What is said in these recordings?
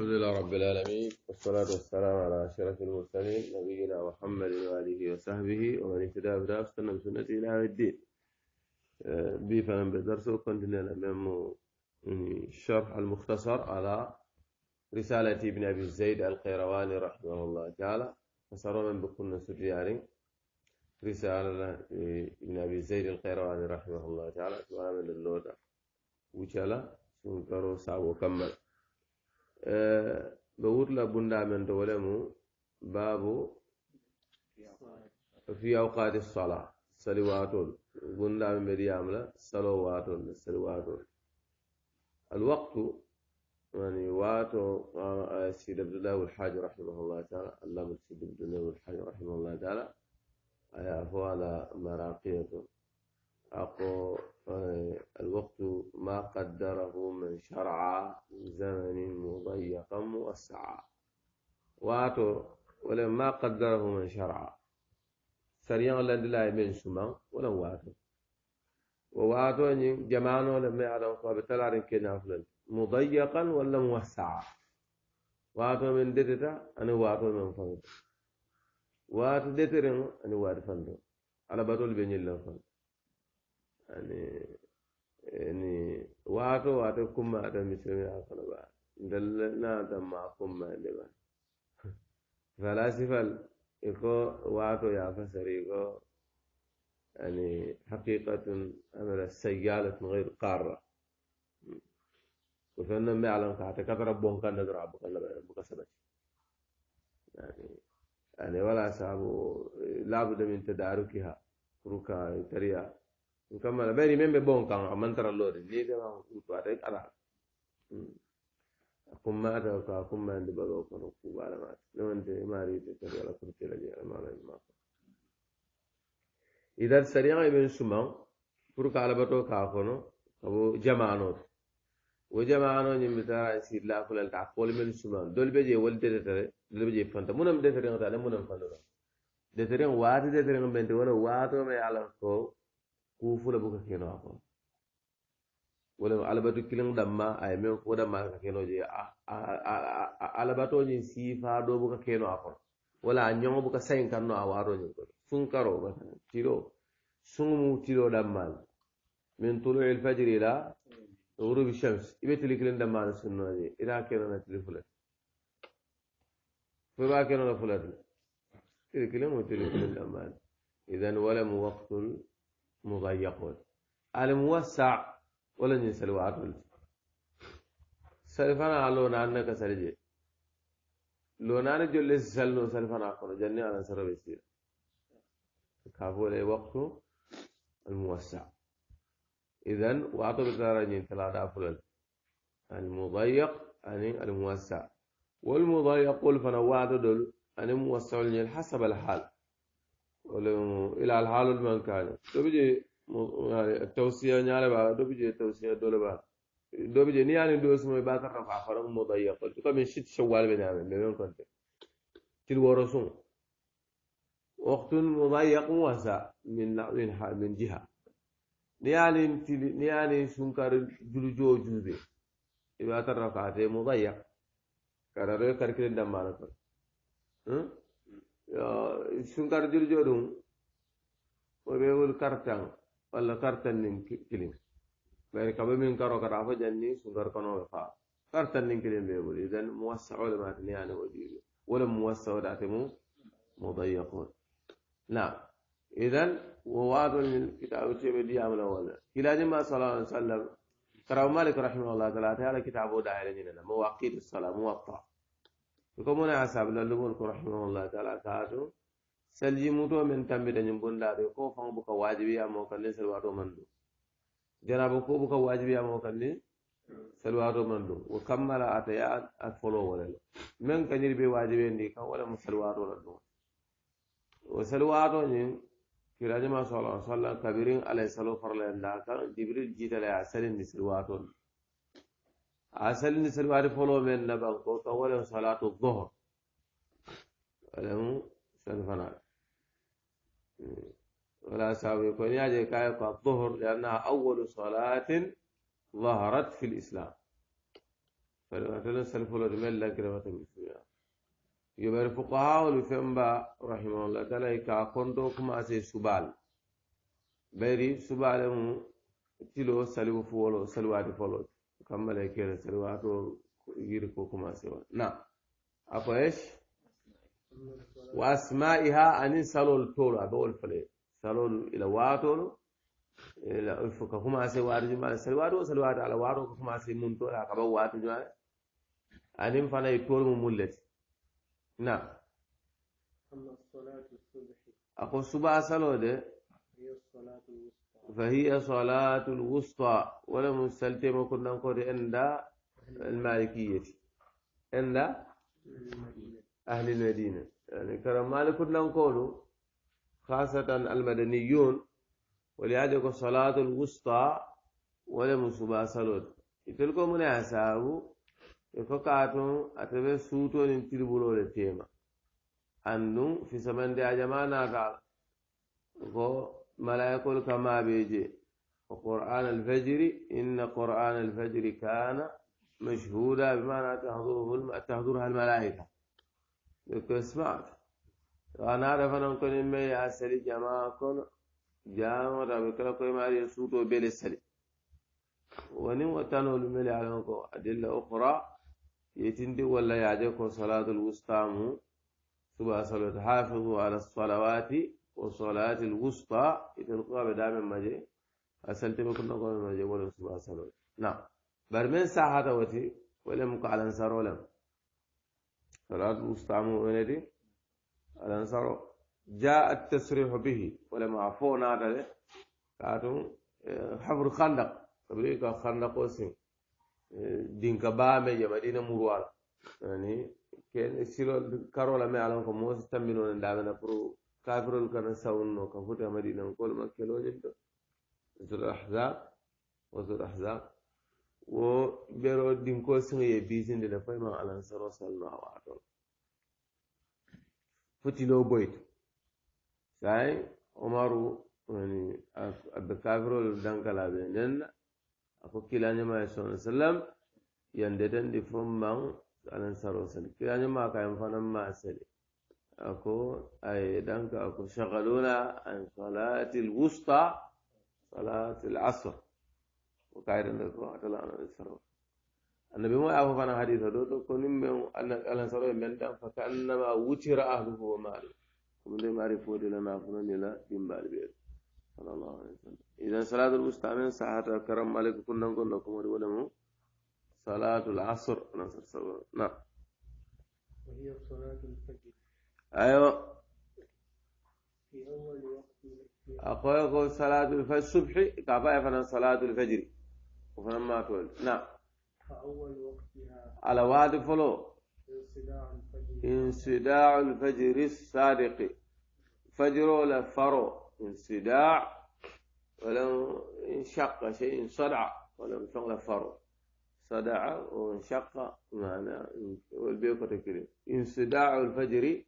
الحمد لله رب العالمين والصلاة والسلام على أشرف المرسلين نبينا محمد وآله وصحبه ومن اهتدى بهداه واستنى بسنته إلى يوم الدين بفهم بدرس كنت نعلم الشرح المختصر على رسالة ابن أبي زيد القيرواني رحمه الله تعالى فصار من بكون سجياري رسالة ابن أبي زيد القيرواني رحمه الله تعالى وعمل اللوطة اللودة وجلا سنكروا وكمل أه، بورلا بندا من دولمو بابو في أوقات الصلاة سلواتون بندا من مريم لا سلواتون سلواتون الوقت يعني واتو آه، سيد عبد الله والحاج رحمه الله تعالى الله سيد عبد الله والحاج رحمه الله تعالى أيها أخوانا مراقية أقو آه، الوقت ما قدره من شرع زمن مضيقا موسعا واتو ولا ما قدره من شرع سريان لند لا من سما ولا واتو وواتو ان جمانو لم يعلم فبتلار كنا فلن مضيقا ولا موسعا واتو من دتتا انا واتو من فلن واتو دترين انا واتو فلن على بطول بين الله فلن يعني يعني واتو واتو كما أتى مسلمين أكون بعد دلنا تما كما لبا فلاسفة إكو واتو يا فسري إكو يعني حقيقة أمر السيالة غير قارة وفن ما أعلم كحتى كثر بون كان ندرع بكسبت يعني يعني ولا سابو لابد من تداركها ركا تريا kammala bari men ɓe ɓon kan a mantara loore liɓema kuutu ata ala kumma ata ko a kummande ɓaɗo kono kuuɓaala maate nde wonte maarite kadi ala kurtila je almalaji mako idan sariya e ɓen suman pour que alabato ka kono kabo jamanoto wo jamano ñimɓe tara sirla fulal ta koole men suman dol ɓe je wol detetere dol ɓe je fanta munam detereŋ ta ne munam fantata detereŋ waati detereŋ ɓente wona waatome ala ko ku fula buka keno a kono wala alabato kiliŋ damma a ye meŋ fo damma ka keno je alabato ñiŋ siifa do buka keno a kono wala a ñoŋo buka sayin kaŋ no a waaro ñiŋ kono funkaro tiro suŋumu tiro dammaal min tuluu lfajiri ila غروب الشمس يبتلي كلن دما على السنة دي إذا كنا نتلي فلات فما كنا نفلات تلي كلن وتلي كلن دما إذا ولم وقت مضيق الموسع ولا نسل واتول سلفنا لونا أنك سرجي لونا نجل سلنو سلفنا أكون جنة على سر كافو لي وقت الموسع إذن وأعطوا بتارجين ثلاثة أفلل المضيق أني الموسع والمضيق قل فنوعت دل أني موسع لني حسب الحال إلى الحال المنكان تبجي يعني التوصية نعلى بعد تبجي التوصية دولة بعد دو بجي ني يعني دو اسمه باتا رفع فرم مضيق قلت كم شت شوال بنعمل بمن كنت تل ورسوم وقت مضيق واسع من من من جهه نيالي نيالي سنكر جلجو جوبي يبقى ترفعت مضيق كرر كركل دمانك ها شنكر جل جرون وبيقول كرتان ولا كرتان نين كلين بير كبر من كارو كرافة جنني شنكر كنوا بقى كرتان نين كلين بيقول إذا موسع ولا ما تني أنا وجيه ولا موسع ولا تمو مضيقون نعم إذا وواد من الكتاب الشيء بدي أعمله ولا كلا جماعة صلى الله عليه وسلم كرام مالك رحمه الله تعالى على كتابه داعي لنا مواقيت الصلاة مواقع يكمون أصحاب للبون رحمه الله تعالى ساتو سلجي موتو من تنبي دنجم بنداري كو فان بك واجبي أمو كالي سلواتو مندو جنابو كو بك واجبي أمو كالي سلواتو مندو وكمل أتيات أتفلو ولل من كنير بي واجبي اندي كان ولا مسلواتو لدو وسلواتو نين كراجما صلى الله عليه وسلم كبيرين عليه الصلاة والسلام جبريل جيت عليه السلام سلواتو أسأل نسل واري فولو من نبغتو كولا صلاة الظهر ولم سنفنا ولا سابق يا كايق الظهر لأنها أول صلاة ظهرت في الإسلام فلما تنسل سلف الرمال لك رمتم يبقى الفقهاء والفنبا رحمه الله تعالى كاكوندو ما سي سبال بيري سبالهم تلو سلو فولو سلوات فولو kammala kere sere wato yiri ko kuma sewa na akwai wa asma'iha anin salol toro abe wol fale salol ila wato ila ka kuma se wato juma sere wato ala wato kuma se mun tora ka ba wato juma anin fana toro mu mullet na ako suba salo de فهي صلاة الوسطى ولا مستلتم كنا نقول عند المالكية عند أهل المدينة يعني كرم مالك كنا نقول خاصة المدنيون ولهذا صلاة الوسطى ولا مصبا صلوت يتلقوا من أسابه يفقاتهم أتبه سوتون انتربولو لتيما أنه في سمن دي أجمانا قال ملائكة كما بيجي وقرآن الفجر إن قرآن الفجر كان مشهودا بمعنى تحضره تحضرها الملائكة اسمع أنا أعرف ان كن ما يأسلي جماعة كن جامعة بكرة كل ما يسوط وبيل السري ونم وتنو الملي على أدلة أخرى يتندي ولا يعجبكم صلاة الوسطى سبع صلاة حافظوا على الصلوات وصلاة الوسطى إذن قوة بدام مجي أسلت بكل قوة مجي ولا سبع سنة نعم برمين ساعة وتي ولا مقع الأنصار ولا صلاة الوسطى مؤمنة الأنصار جاء التصريح به ولم عفونا عليه كاتم حفر خندق تبريك خندق وسين dinka baame je madina murwala yani ken silo karola me alan ko mosi tambino ne damena kafirol kana sawunno ka madina ko fota madinankol makkeloñin to sura ahzab wo sura ahzab wo ɓero ɗinko siŋa ye bisinde ne fo iman alansaro salno a watol fotilo boyto sai omaru wani aɓe kafirol dankalaɓe nenna ako kilañamaye sona sallam yandetandi fo man alansaro sali kilañama kayen fanan ma sali أكو أي دنك أكو شغلونا عن صلاة الوسطى صلاة العصر وقاعد عندك أتلا أنا السرور أنا بما أعرف أنا حديث هذا تو كون من أن أن سرور من دم فكأنما وتر أهله ومال ومن ما يعرفوا إلى لنا فنا إلى جنبال بيت صلى الله عليه وسلم إذا صلاة الوسطى من ساعة كرم مالك كنا نقول لكم مو صلاة العصر نعم وهي صلاة الفجر أيوة في أول صلاة الفجر صلاة الصبح كفاية فن صلاة الفجر وفنا ما تقول نعم فأول وقتها على واد فلو انصداع الفجر الفجر الصادق فجر ولا فرو انصداع ولا انشق شيء انصدع ولا انشق فرو صدع وانشق معنى والبيوت الكريم انصداع الفجر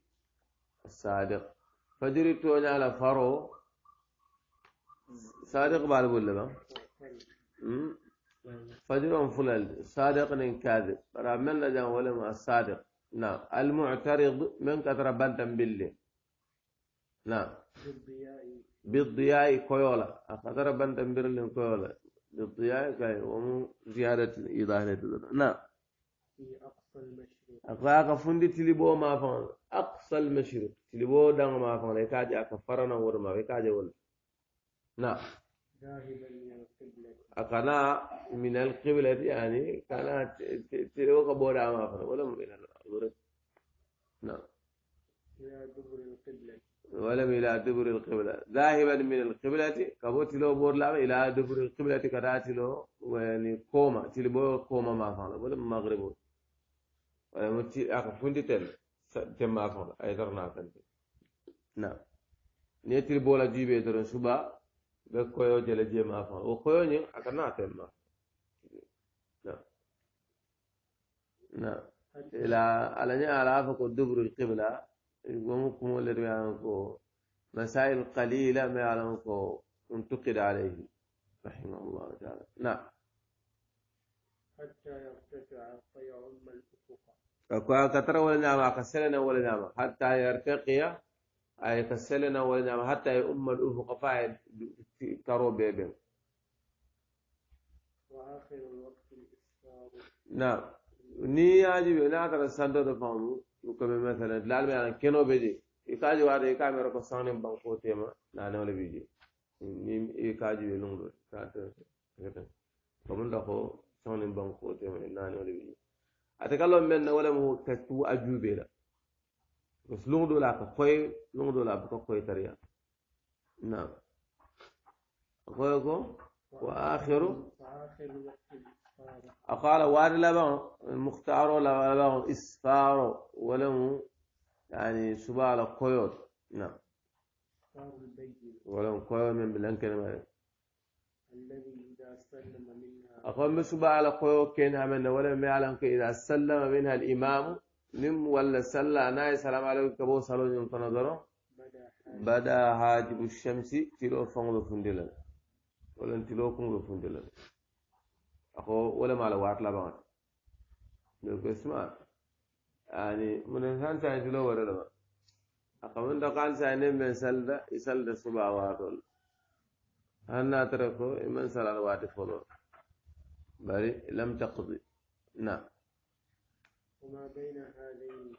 الصادق فدريتو انا على فرو صادق بالبول لبا فجر فلال صادق نين كاذب رامن لجان ولم الصادق نعم المعترض من كثر بنت بالله نعم بالضياء كويولا كثر بنت بالله كويولا بالضياء كاي وم زيادة إضافة نعم أقصى المشرق أقصى فندي تلي بو ما فهم أقصى المشرق silibo dang ma fa ne kaje aka farana wor ma be kaje wol na akana min al qibla yani kana tiro ka boda ma fa wala min al wor na ولم إلى دبر القبلة ذاهبا من القبلة كبوت لو بور لام إلى دبر القبلة كرات له يعني كوما تلبو كوما ما فعل ولا مغرب ولا متي أكفون تل تم أفضل أيضاً ناقل نعم نيتي بولا جيب أيضاً شبا بكويو جل جيم أفضل وخويو نيو أكنا تم نعم نعم إلى على نيا على أفق الدبر القبلة ومكم لريانكو مسائل قليلة ما يعلمكو انتقد عليه رحمه الله تعالى نعم حتى يرتفع طيع الملك كوا كتر ولا نعم كسلنا ولا نعم حتى يرتقي أي كسلنا ولا نعم حتى يؤم الأف قفاء ترو بيبن وآخر الوقت نعم ني يجب أن أكثر سندر فهم يكمل مثلا لعلم أن يعني كنو بيجي يكاد يوارد يكاد ميركو سانم بانكو تيما لا نقول بيجي نيم يكاد يوارد لونغ كاتر كاتر كمن دخو سانم بانكو تيما لا نقول بيجي اتكلم من ولا مو تسو اجوبيلا بس لو دولا كوي لو دولا بكو كوي تريا نعم كوي كو واخر اخر وقال وار لا مختار ولا لا اسفار ولا يعني سبال كويوت نعم ولا كوي من بلانكن الذي اذا سلم من أقوم بسبع على قوي كين هم ولا ما يعلم إذا سلم منها الإمام نم ولا سلا أنا السلام عليكم كبو سلو جن كنظرو بدا حاجب الشمس تلو فنغلو فندلن ولا تلو كنغلو فندلن أخو ولا ما على واتلا بعد لو اسمع يعني من الإنسان تاني تلو ولا ما أقوم دقان سعيد من سلدا يسلدا سبع واتول أنا أتركه من سلا الواتي فلو بل لم تقضي نعم وما بين هذين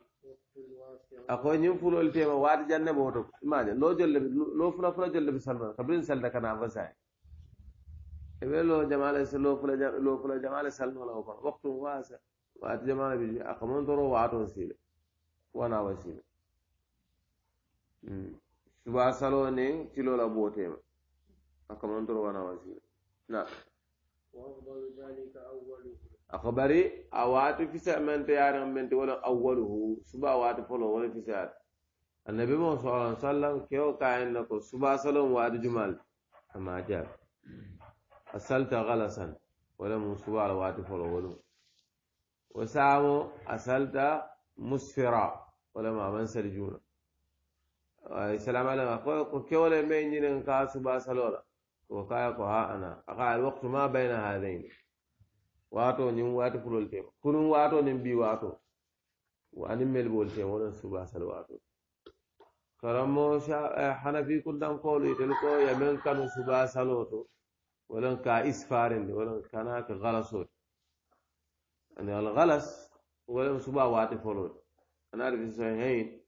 أقول نيم فلو التيما وارد جنة بوتوك ما جا لو جل لو لو فلو فلو جل بسلا خبرين سلا كنا نعم، بس هاي إبل لو جمال سلا لو فلو جم لو فلو جمال سلا ولا أوفر وقت واسع وات جمال بيجي أقمن ترو وات وسيلة وانا وسيلة سواسلو كيلو لا بوتيما ترو وانا وسيلة نعم akabari a waati fisa mente yaran mente wala awwaluhu suba waati folo wala fisa annabi mo sallallahu alaihi wasallam keo kayen na ko suba salon waati jumal amma ja asalta galasan wala mu suba ala waati folo wala wasamo asalta musfira wala ma man saljuna ay salam alaikum ko kewle me nyinen ka suba salola وكاي قها أنا أقع الوقت ما بين هذين واتو نيم واتو فلول تيم كنون واتو نيم بي واتو وأنيم ملبول تيم ولن سبا سلواتو karamo hanafi kundam kolo itel ko yamen kanu suba saloto ولن كا إسفارن ولن كناك غلسون أن يعني الغلس ولن سبا واتي فلون أنا أعرف الصحيحين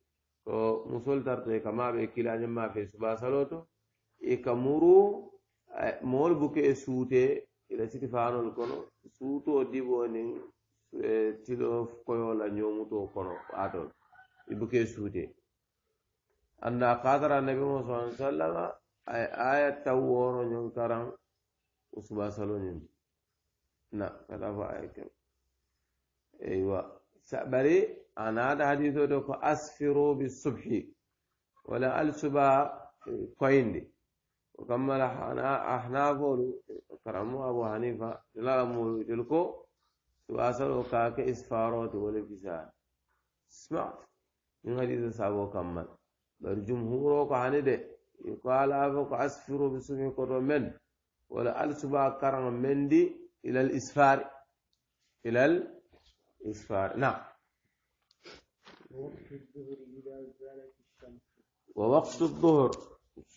مسلطة كما بكلا جمع في سبا سلوتو إكمرو Eh, mool buke e suute ila siti faanol kono suutoo diɓoonin eh, tiloo koyoola ñoomuto kono aatol i buke e suute anda kaatara annabi mo sai sallama ay aya taw wooro ñon karan usuba saloñin na kata fo ay kem eywa sa bari anaata hadiseto ko asfiro bi subhi wala alsuba eh, koyndi eh, وكمل أحناف كرمو أبو حنيفة لا مولو جلكو تواصلوا كاك إسفاروت والانفسال اسمع من حديث سابو كمل بل جمهورو كهندي يقال أفك اسفر بسم كرو من ولا ألسبا كرم من دي إلى الإسفار إلى الإسفار نعم ووقت الظهر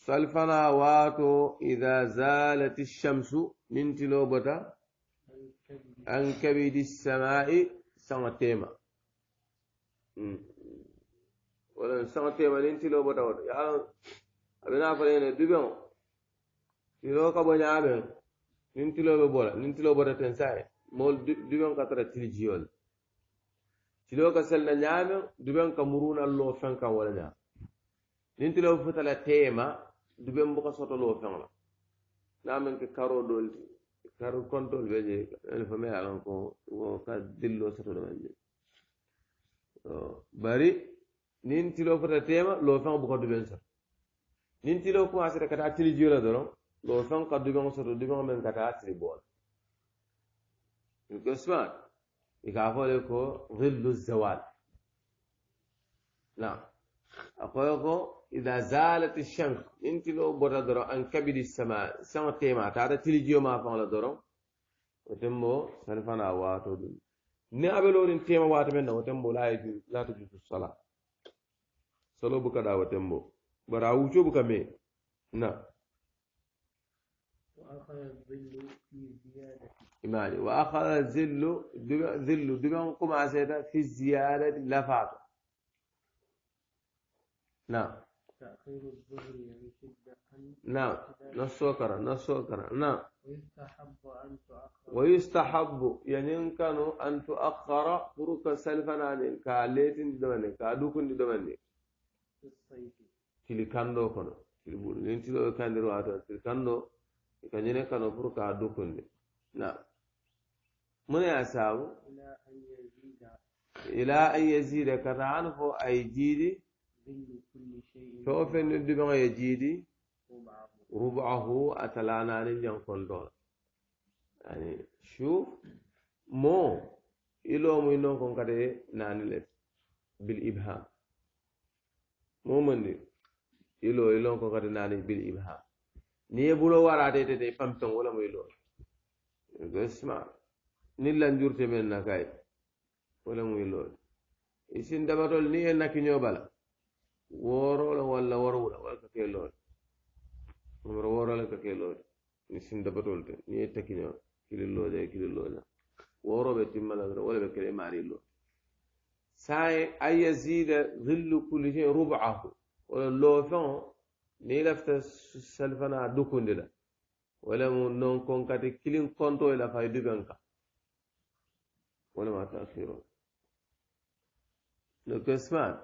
فالفنا واتو إذا زالت الشمس من بتا عن كبد السماء سمتيما ولا سمتيما من بتا يا أبنا فلين دبيون بني كبن من تلوبة بولا من تلوبة تنساي مول دبيون كتر تلجيول تلوكا سلنا نعامل دبيون كمرون الله فنكا ولا نعامل ننتلو فتلا تيما dubem buka sotoloo feŋ la naa meŋ ke karoo dool ti karo kontol be je ene fo meŋ alan ko wo ka dilloo sotolo maŋ je bari niŋ tiloo fota teema loo feŋ buka dubeŋ soto niŋ tiloo kumasita ka taa tili jio la doroŋ loo feŋ ka dubeŋo soto dubeŋo meŋ ka taa tili boo la ko smart i ka a fo le ko ghillu zawal na a koyo ko إذا زالت الشمس أنت لو برا درو أن كبد السماء سما تيما تعالى تلجيو ما فعل درو وتمو سلفنا واتو دون نابلون تيما واتو من وتمو لا يجوز لا تجوز الصلاة صلو بك وتمو برا وشو بك مي وأخذ الظل في زيادة إمالي وأخذ الظل ذل دبن قمع سيدا في الزيادة لفاته نعم تأخير الظهر لشدة نعم نص وكرا نص وكرا نعم ويستحب أن تؤخر ويستحب يعني إن كانوا أن تؤخر فروك سلفا عن الكاليت دمني كادوكن دمني kili kando kono kili bulu nin tilo e kandiru ato kili kando e kanyene kano pour ka dukunde na mune ya sabu ila an yazida kata an fo ay jiidi فوفن الدبغة يجيدي ربعه أتلانا عن الجنكون دولا يعني شوف مو إلو مينو كون كده نانلت بالإبهام مو مني إلو إلو كون كده نانلت بالإبهام نيه بلو وارا تيتي فمتن ولا مو إلو اسمع نيلان جورتي من نكاي ولا مو إلو إسين دبطول نيه نكي نيو بلا worola walla worowula wala ka ke lool amara worola ka ke lool ni sindabatol te ni ye takiño kililloja e kililloja woroɓe timmalagata wala ɓe kele marillo saye an yazida zillu kulli shei rubahu wala loofeŋo ni i lafita salfana dukundi la wala mu non konkati kilin konto i lafa i duɓen kan walama takhiro donc sman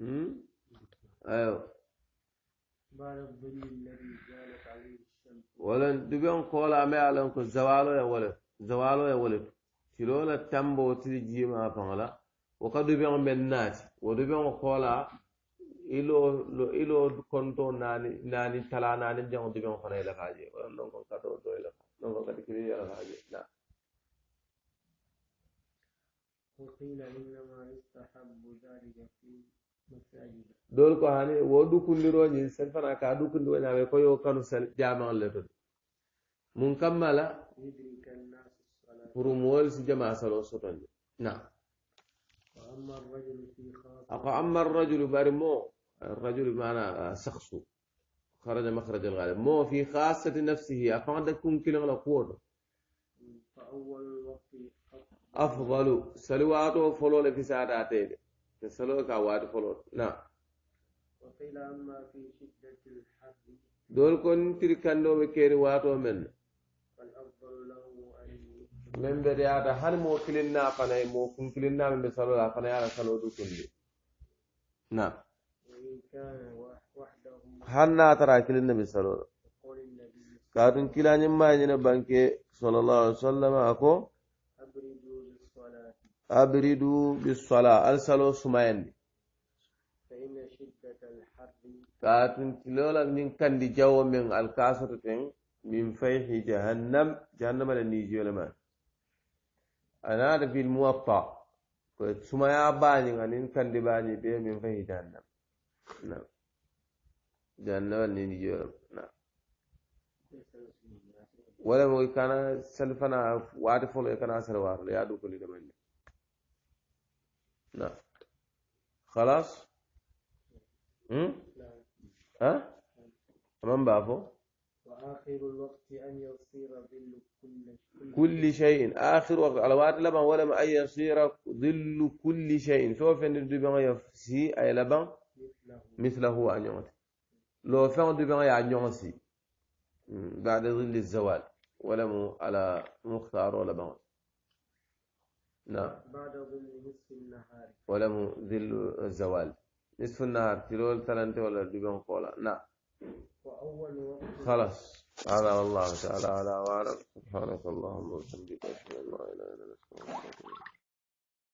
نعم. ايوه بعد الظل الذي زالت عليه الشمس ولن دبيون كولا ما علن كو زوالو يا ولد زوالو يا ولد تلولا تامبو تيجي ما فانلا وقد دبيون بنات ودبيون كولا ilo lo ilo konto nani nani tala nani jang du bang fanay la kaje wala non ko kato do la non ko kadi kiri la kaje la وقيل إنما يستحب ذلك في dol ko hani wo dukundiroñin sen fana ka dukundi woñaɓe ko yo kanu sel jamaŋ le to mun kammala pour muwol si jama salo sotonde na ako amma arrajulu bari mo الرجل بمعنى شخص خرج مخرج الغالب مو في خاصة نفسه أفعد كن كلا لقوته أفضل سلواته فلول في ساداته كسلو كواد فلوت نعم وقيل أما في شدة الحر دول كون تركندو بكير واتو من فالأفضل له أن من بديعة هل موكلنا فنأي موكلنا من بسلو لا فنأي على سلو دو كندي نعم هل ناترى كلنا بسلو قول النبي كلا نما ينبانكي صلى الله عليه وسلم أكو أبردوا بالصلاة أرسلوا سمين فإن شدة الحر كاتن تلولا من كان دي جو من الكاسة من فيح جهنم جهنم لنيجي ولما أنا في الموطأ سمايا باني أن كان دي باني بي من فيح جهنم نعم جهنم لنيجي ولما نعم ولا مو كان سلفنا وعرفوا كان أسر وارد يا دوكلي نعم خلاص هم ها من بعفو واخر الوقت ان يصير ظل كل شيء كل شيء اخر وقت على وقت لبن ولا ان يصير ظل كل شيء سوف بان يفسي اي لبن مثله ان يوت لو فين دو بان يا نيونسي بعد ظل الزوال ولم على مختار ولا بان نعم بعد ظل نصف النهار ولم ظل الزوال نصف النهار تلول ثلاثة ولا دبن قولا نعم وأول وقت خلاص هذا والله تعالى على وعلم سبحانك اللهم وبحمدك أشهد أن لا إله إلا أنت أستغفرك